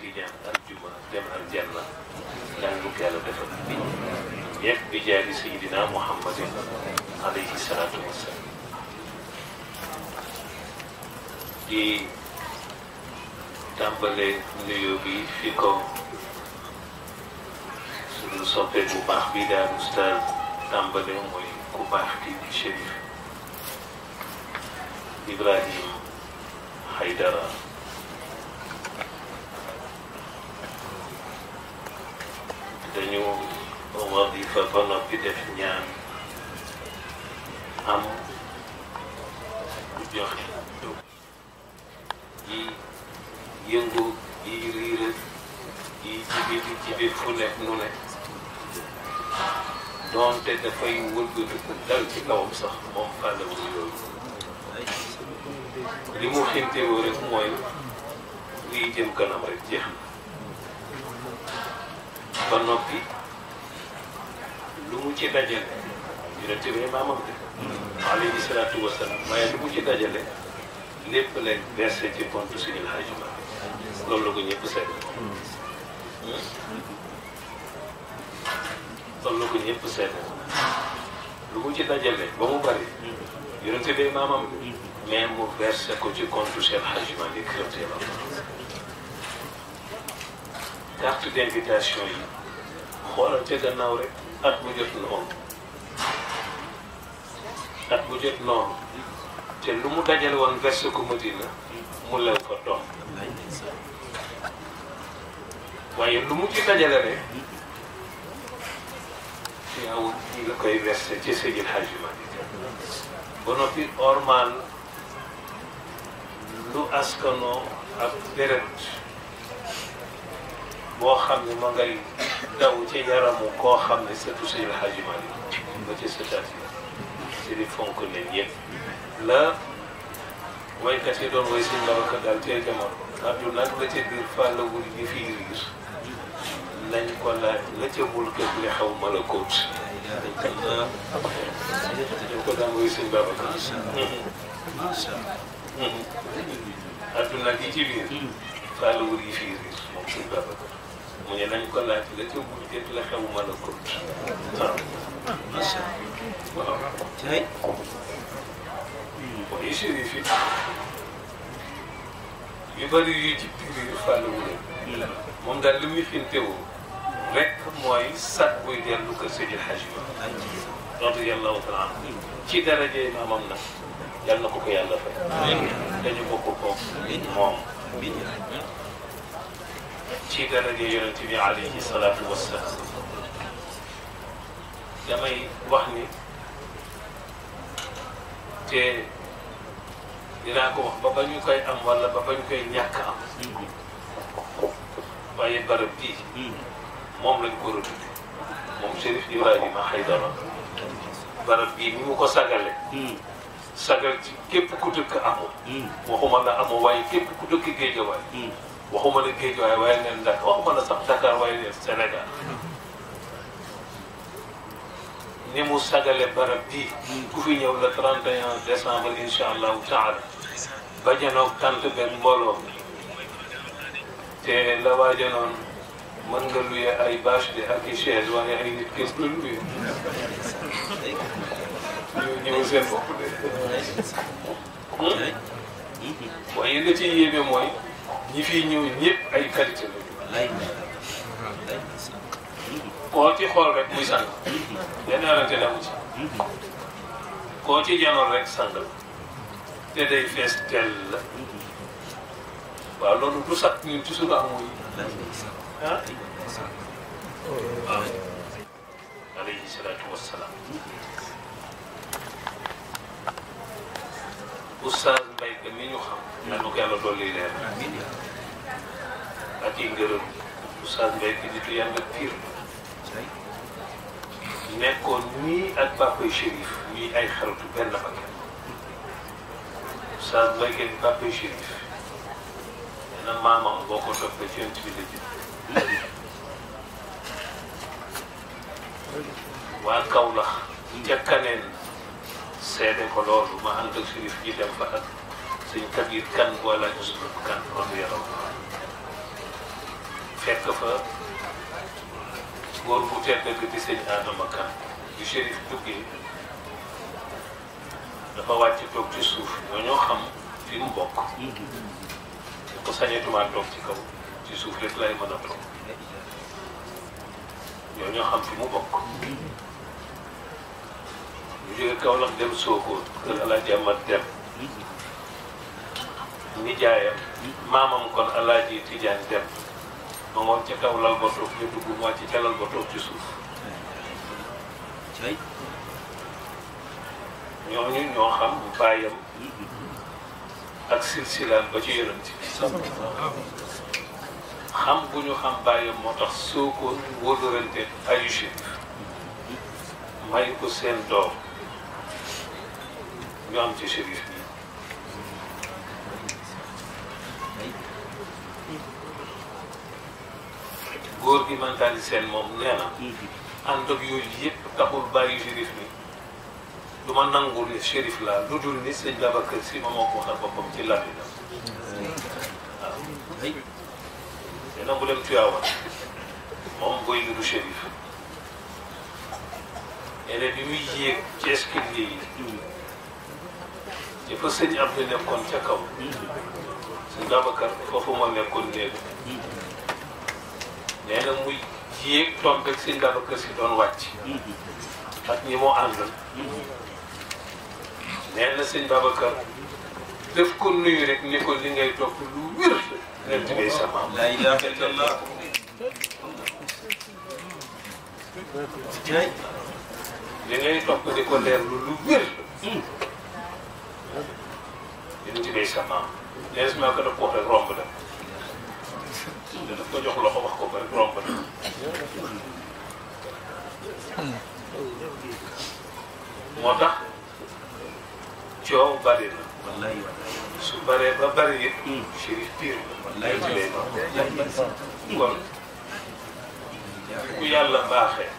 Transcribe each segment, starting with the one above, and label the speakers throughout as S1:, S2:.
S1: tijaan aljuma dem aljanna yàlla lu ko yàlla defal yëpp bi jaari sayidina muhammadin alayhi salaatu wasalaam di tàmbale nuyoo bi fi ko suñu soppe ustaaz tàmbale mooy ku baax Ibrahim Haydara dañu wadifa ba noppi def ñaan am ku joxe yi yëngu yi riire yi jibi fu nekk nu ne doonte dafay wëlbatiku dal ci kawam sax moom fàllewul yooyu li mu xintewoo rek mooy liy jëm kanam rek jeex ba noppi lu mu ci dajale yonent bi maamam de alayhi lu mu ci dajale lépp lay versé ci compte suñu Alaaji Maalik la ko hmm? ko lu mu ci dajale ba mu bari yonent bi maamam mais mu versé ko ci compte Cheikh Hadji Malick carte d'invitation yi xoolal ca gannaaw rek at bu jot noonu at bu jot te lu mu dajal woon verse ko Madina mu lew fa doom waaye lu mu ci dajale rek yaawut ñi nga koy verse ci sëjil Hajji Malick ba noppi ormaan lu askanoo ak deret boo xam ne ma ngay daw ca yaramu koo xam ne surtout suñu Xaaji Maalik ba ci station si di fonk leen yëpp la waykat yi doon way suñu Babacar daal tey jamono addu nag la ca biir fàllawul yi fi riir nañ ko laaj la ca bul kër li xaw mala kóot dañ ko daan way suñu Babacar addu nag yi ci biir hmm. fàllawul yi fi riir moom suñu mu ne ko laaj la ca wuute la xew mën a ko waaw macha allah waaw tey mooy hmm, yi yu bëri yu ci biir fàlluwu la moom daal li muy xintewoo rek mooy sat buy dellu kër Seydi Hadji radiyallahu taala anhu ci darajee maamam nag yal na ko ko yàlla fay dañu bokk ko moom ci daraja yonent bi alayhi salaatu wassalaam damay wax ni te dinaa ko wax ba ñu koy am wala ba ba ñu koy ñàkk am waaye barab bii moom lañ ko rëdd moom Chérif Ibrahima Aïdara barab bii ni mu ko sagale sagal ci képp ku dëkk amoo hmm. waxuma la amoo waaye képp ku dëkk géejawaay hmm. waxuma la géej waaye waaye neen Dakar waxuma la sax Dakar waaye neen Sénégal ni mu sagale barab bii ku fi ñëw le 31 décembre incha allahu taala bajanoog tant benn mbooloo te la waajanoon mën nga luye ay bâche ak i chaise waaye ay nit kenn du luye ñu ñëw seen bopp de hmm? waaye li ci yéeme mooy ñi fi ñëw ñëpp ay qualité la koo ci xool rek muy sang benn werante demu ci koo ci janoon rek sang la te day fees tell waaw loolu du sax ñun ci suñu amoo yi ah waaw alayhi salaatu wassalaam oustaz Mbaye mi ñu xam. na ak i ngërëm Oustaz Mbaye ki nitu piir nekkoon nii ak Pape Chérif ñii ay xaratu benn bakkan Oustaz Mbaye ki Pape Chérif na maamam boo ko toppee ci yonent bi la jëm waa Kaolack njëkkaneen seede ko loolu ma ànd ak Chérif ñi dem fa ak Kabir kan wala Ousmane kan loolu yàlla fekk fa góor bu tedd dëgg di sëñ Adama Kan bu shérif duggee dafa wàcc toog ci suuf ñoo xam fi mu bokk ko sañetumaa toog ci kaw ci suuf rek lay mën a toog ñoo ñoo xam fi mu bokk ñu jóge Kaolack dem Sokone kër Alaaji Amat dem nijaayam maamam kon Alaaji Tijaan dem ma ci ca kaw lal ba toog ñu dugg wàcc ca lal ba ci suuf ñooñu ñoo xam bàyyam ak silsilaan ba ci yonent bi xam bu ñu xam bàyyam moo tax soo ko wóolurante ayu shérif may ko seen doom ñu am ci shérif góor gi seen moom nee na. Mhm. ànd ak yooyu shérif ni du ma shérif laa lu dul ni sëñ Babacar Si ma moo ko waxal boppam ci laaj mhm. la. te nag bu dem Tiwaawan moom booy niru shérif. élèves bi muy yéeg ci escalier yi. Mhm. dafa sëñ Abdou nekkoon ca kaw. sëñ Babacar foofu moo nekkoon néegu. nee na muy jiyee tombé ak sëñ Babacar Si doon wàcc. ak ñi moo àndal. nee na sëñ Babacar def ko nuyu rek ni ko li ngay topp lu wér la dina tëddee sama laa ilaaha illallaah. li ngay topp di ko leer lu lu wér. dina tëddee sama am. nee na su ma ko def ko waxee romb ne daf ko jox loxo wax ko moo tax coow bari na wallaay baree ba bari it hmm. chérif pire wallaay ci lay kon ku yàlla baaxee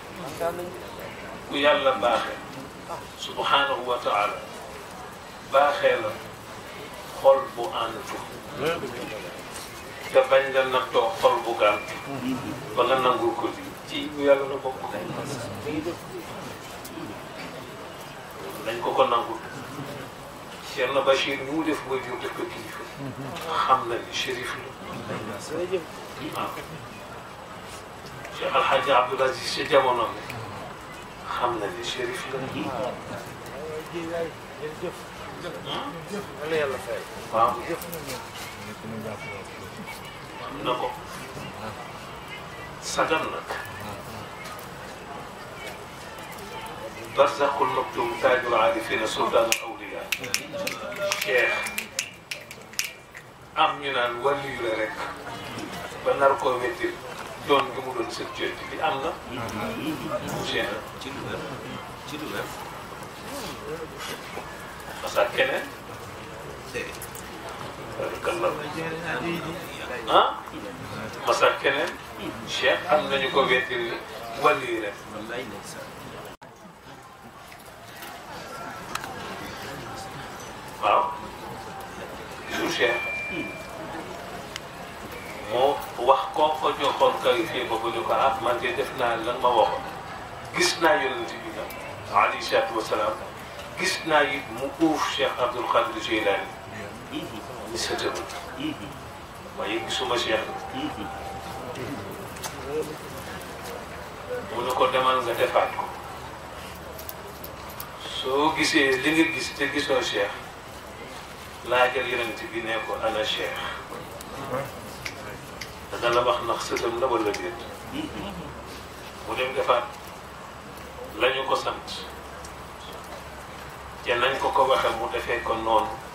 S1: ku yàlla baaxee subhanahu wa taala baaxee te bañ la nattoo xol bu gàll. ba nga nangul ko lii ci yàlla la bokk. nañ ko ko nangul. Cheikh na Bachir ñu mu def mooy def ko kilifa. xam na ni shérif la. waaw. Cheikh Al Hadj Abdoul Aziz ca jamono bi xam na ni shérif la. waaw. waaw. na ko sagal na barzaxul maktum taajul aarifiina sultaanul awliyaa cheikh am ñu naan wàllu la rek ba nar koo wetti doon gi mu doon sëb bi am na. ci lu wér ci lu wér parce que keneen. barakallah ah ma sax keneen cheikh am nañu ko wettili wàllu rek waaw su cheikh moo wax koo ko joxoon kay fii ba ko ñu ko ah man de def naa lan ma waxoon gis naa yonent bi nag alayhi salaatu wasalaam gis naa it mu uuf cheikh abdul qadir jilani ni sëtam waaye gisuma Cheikh mu ne ko deman nga defaat soo gisee li nga gis te gisoo Cheikh laajal yonent bi ne ko ana Cheikh dana la wax ndax sëtam la wala déet mu dem defaat lañu ko sant te nañ ko ko waxe mu defee ko noonu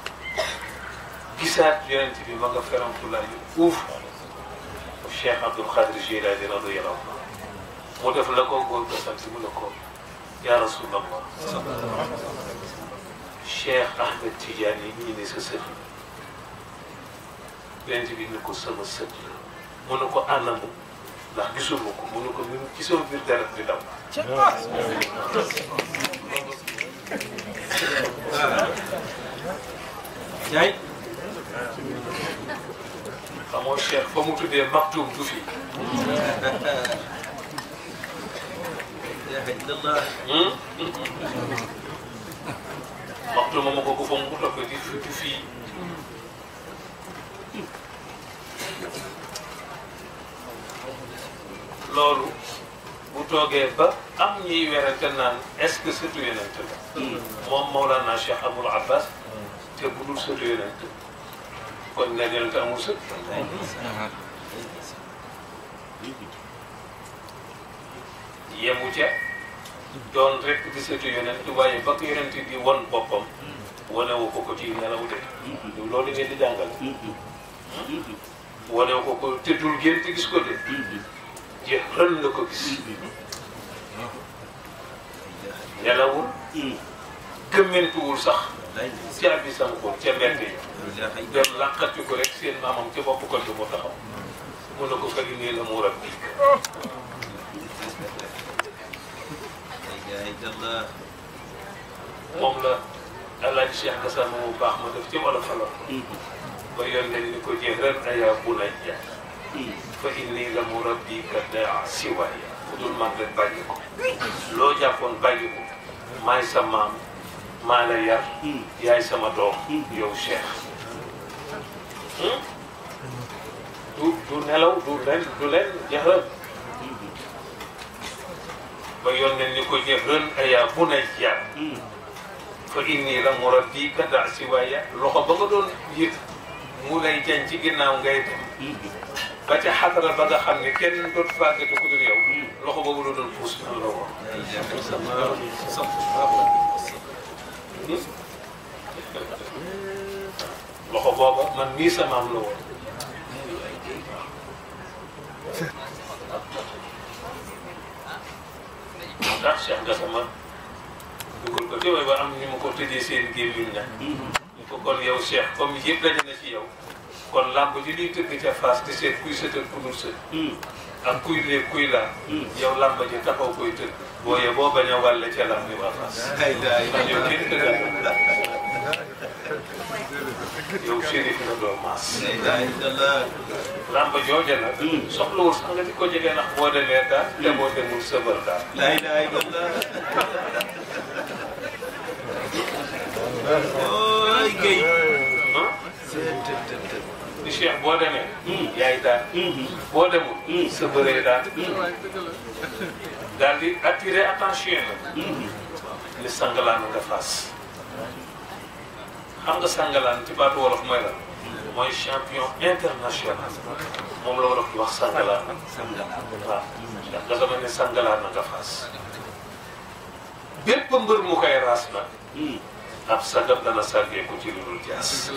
S1: gisaat yonent bi ma nga ferantula yu uuf Cheikh Abdoul Khadir Jilani radiyallahu mu def la ko góor ga sant mu ne ko yaa rasulallah Cheikh Ahmed Tidiane yi ñu ne sa sët bi ne ko sama sët la mu ne ko àndamu ndax gisuma ko mu ko mu gisoo biir deret di daw jaay moo Cheikh fa mu tuddee maktuum du fi. maktuum moom ko loolu bu toogee ba am ñuy werante naan est-ce que sëtu yonent hmm. Mawlana Cheikh Abul Abbas te bu dul kon nga dellu te amul sëb. yemu ca doon rek di ba yonent waaye bakk yonent di won boppam. wanewu ko ko ci nelaw de. loolu ngeen di jàngale. wanewu ko ko te dul ngeen di gis ko de. jeex ren la ko gis. nelawul. gëmmentuwul sax. caabi sankoon ca mbedd yi doon làqati ko rek seen maamam ca bopp ko mu taxaw mun na ko fali nii la mu rabbi moom la alaaji Cheikh Gassama mu baax ma def ci wala fala ba yoon nañ ni ko jeex ren ayaa bunayya fa inni la mu rabbi ka daa siwaaya ku dul man rek bàyyi loo jàppoon bàyyi ko sa maam maa la yar yaay sama doom yow Cheikh hmm? du du nelaw du leen du leen jaxal ba yónnee ni ko jëfran ayaa bunayya fa inni la murabbi ka daa si waaya loxo ba nga doon yëg mu lay jañ ci ginnaaw ngay dem ba ca xadara ba nga xam ne kenn dootu fàggatu ku dul yow loxo boobu la doon puus na la woon loxo boobu man mii sama am la woon moo tax Cheikh Gassama dugal ko jooy ba am ñu ma ko tëjee seen gémmiñ na ñu ko kon yow Cheikh comme yëpp dañu na ci yow kon làmb ji liy tëgg ca Fass di seet kuy sëtal ku dul hmm. ak kuy léeg kuy laa hmm. yow làmb ji taxaw koy tëgg booyee boo bañ a wàll ca lam ni waxas ndax yow kenn dëggal
S2: yow shérif nga doo maas
S1: làmb jooja nag hmm, soxlawul sax nga di ko jege ndax boo demee daal te boo demul sëbal daal laa ilaaha illallaah ay kay di cheikh boo demee hmm, yaay daal hmm, boo demul sëbëree daal daal di attirer attention la ni sangalaan nga fas xam nga sangalaan ci baatu wolof mooy la mooy champion international moom la wolof di wax sangalaan waaw ndax nga dama ne sangalaan nga fas bépp mbër mu koy raas nag ab sagam dana sàggee ko ci lu dul jaas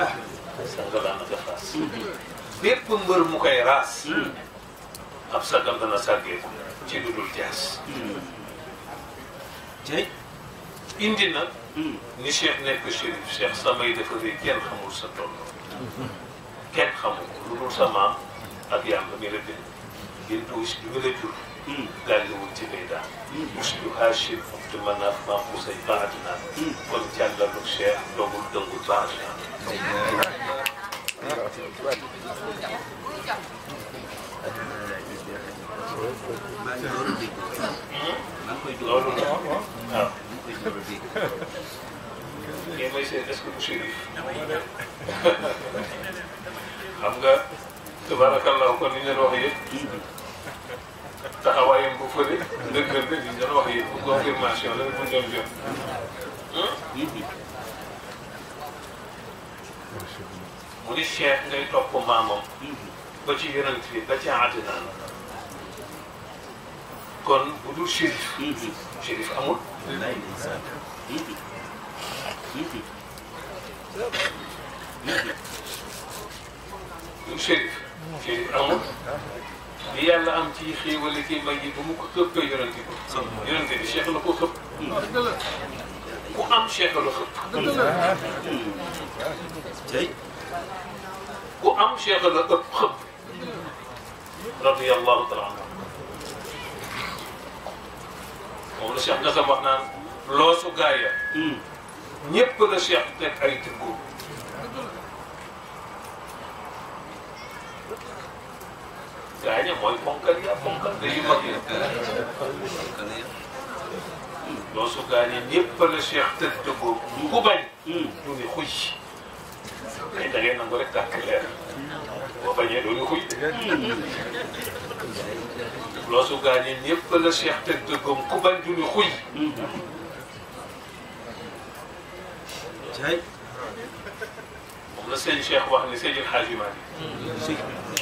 S1: ah. bépp mbër mu koy raas. ab sagam dana sàggee ci lu jaas. tey indi na. Hmm. ni Cheikh nekk Chérif Cheikh samay dafa kenn xamul sa tolloo. kenn xamul ko sa maam ak yàlla mi la bind. ngir tuuti bi nga jur. لا لوجليدا مسلو هاشم عبد مناف مام حسين بعدنا كون جالل الشيخ دوغول دوغول باجي loolu la waaw. waaw. est-ce que monsieur formation la bu doon jot mu ni cheikh ngay topp maamam ba ci yonent bi ba ci àddina kon bu dul shérif shérif amul du shérif shérif amul li yàlla am ci xéewale ki mbay yi ba mu ko xëppee yonente ko yonente bi cheikh la ko xëpp ku am cheikh la xëpp am cheikh la ëpp xëpp radiyallahu taala anhu moom loosu gaaya hmm. ñëpp la cheikh teg ay tëggoo gars yi mooy ponkal yi yu mag yi. loosu gaa yi ñëpp la Cheikh tëdd ko ñu ko bañ. ñu ngi xuy. kay da ngay nangu rek tàkk leer boo bañee doo ñu xuy. loosu gaa yi ñëpp la Cheikh tëdd
S2: ko ku bañ du ñu xuy.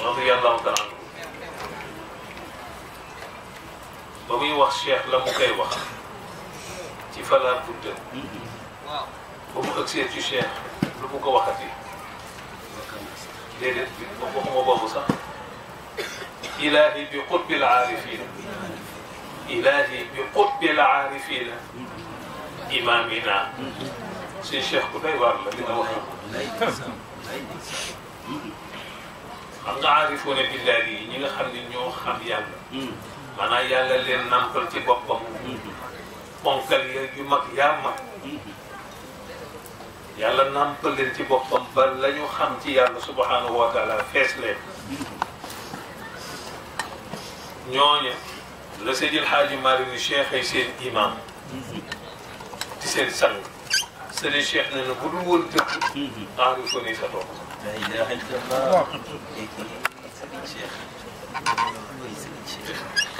S1: moom ba muy wax cheikh la mu koy wax ci falaar budda ba mu ëgsee ci cheikh lu mu ko waxati déedéet bi moom waxuma boobu sax ilahi bi qutbil aarifina ilahi bi qutbil aarifina imamina suñu cheikh bu doy waar la dina wax xam nga aarifoona billahi yi ñi nga xam ne ñoo xam yàlla maanaam yàlla leen nàmpal ci boppam ponkal ya yu mag yaa mag yàlla nàmpal leen ci boppam ba la ñu xam ci yàlla subhanahu wa taala fees leen ñooña la Seydil Hadji Malick ni cheikh ay seen imam ci seen sang sëriñ cheikh ne na bu dul woon dëgg enrifa ni sa toog la ilaha illallah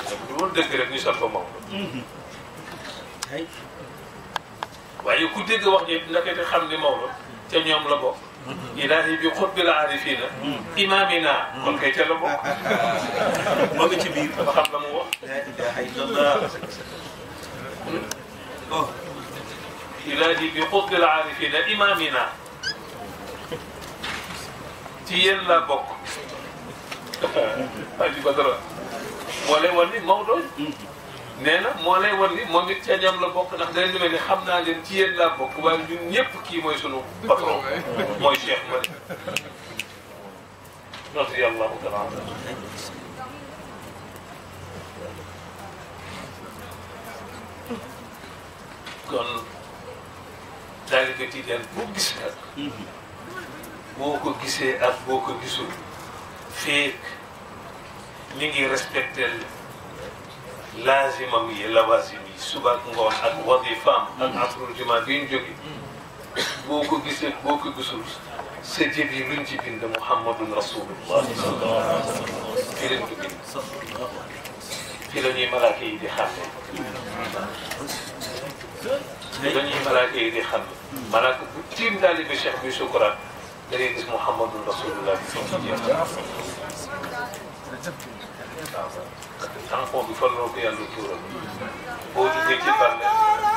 S1: rek ñu ku dégg wax ji ndekete xam ni Maodo ca la bokk. Mm-hmm. ilaahi bi xutbil aarifiina. Mm-hmm. imaamina. kon kay ca la bokk. moo ngi ci biir dafa xam la mu wax. oh. ilaahi bi xutbil aarifiina imaamina. ci yéen laa bokk. Aliou Badara. moo lay wan ni Maodo nee na moo lay wan ni moom it ca la bokk ndax day demee ni xam naa leen ci yéen laa bokk waaye ñun kii mooy sunu patron mooy Cheikh Mari radiyallahu taala anhu kon taalibe Tijaan boo gis nag boo ko gisee ak boo ko gisul feek ñu ngi respecté laazimam yi lawaazim yi suba ak ngoon ak wadifaam ak mm. afrol jumaa bi ñu jóge mm. boo ko gisee boo ko gisul sa jëf yi luñ ci bind Muhammadun Rasulullah fi leen ko bind fi la ñuy malaaka yi di xàmme fi la ñuy malaaka yi enfant bi fan la ko yàlla tuuram boo duggee ci bànneex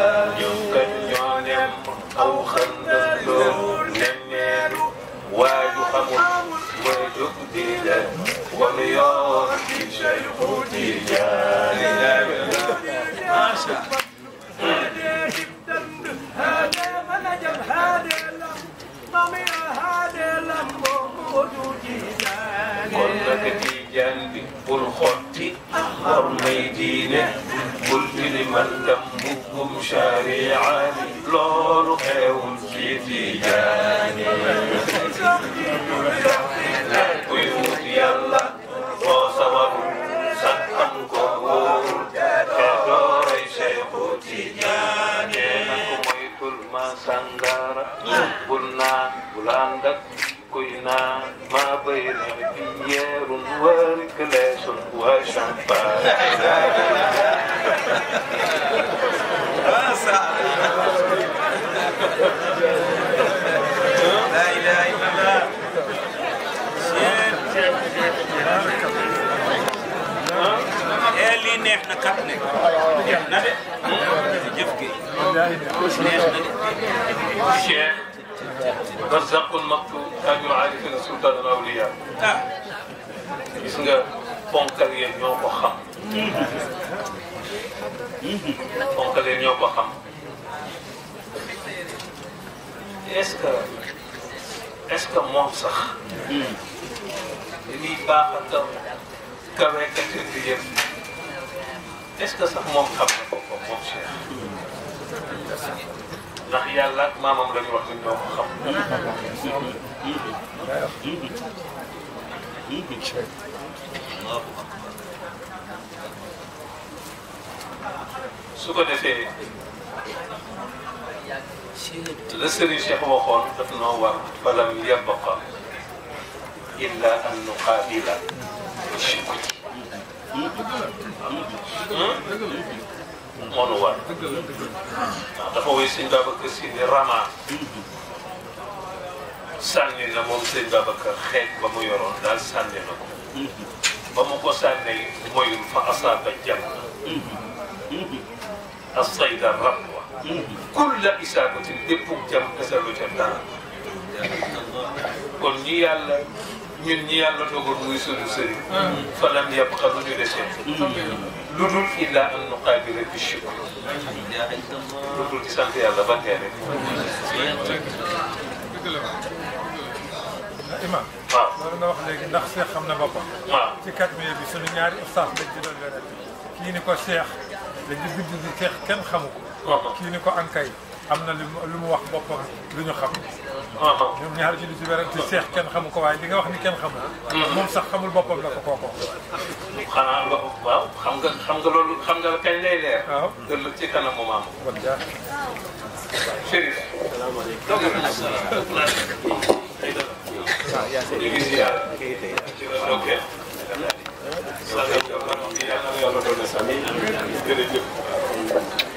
S1: xotti warmay diine bul tilimal dam buggum shari'a loolu xewul ci tiijaan lii neex na kat ne neex na de jëf gi neex na de Cheikh Barzaqul Maktoum Tajul Arifin Sultan al Awliya ah. gis nga ponkal yooyu ñoo ko xam. ponkal yooyu ñoo ko xam est-ce que est-ce que moom sax. dañuy baax a taw kawe kër gi yëpp est-ce que sax moom xam na ko moom Cheikh. ndax yàlla ak maamam la ñu wax ni ñoo ko xam. allahu akbar su ko defee la sëriñ Cheikh waxoon daf noo war falam yabqa illa an nuqaabila shukri hmm? moo nu war ndax dafa woy sëñ Babacar si ni rama sànni na moom sëñ Babacar xeet ba mu yoroon daal sànni na ko ba mu ko sànnee mooyul fa asaaba janna asayda rabwa kulla isaabatin bépp jam desalu ca dara kon ñi yàlla ñun ñi yàlla toogoon muy sunu sëriñ falam yabqa lu ñu desee lu dul illa an nuqaabila bi shukr lu dul di sant yàlla ba tee rek imam waaw loolu nga wax léegi ndax Cheikh xam na boppam waaw ci 4 millions bi sunu ñaari ustaas lañ ci doon yore kii ni ko Cheikh dañu bind di Cheikh kenn xamu ko kii ni ko ankay am na lu mu wax boppam lu ñu xam ñoom ñaar ci di ci werante Cheikh kenn xamu ko waaye li nga wax ni kenn xamu hmm. moom sax xamul boppam la ko kookoo xanaa waaw xam nga xam nga loolu xam nga kañ lay leer waaw loolu ci kanam mu maam bon jaar Chérif salaamaaleykum waaw yaa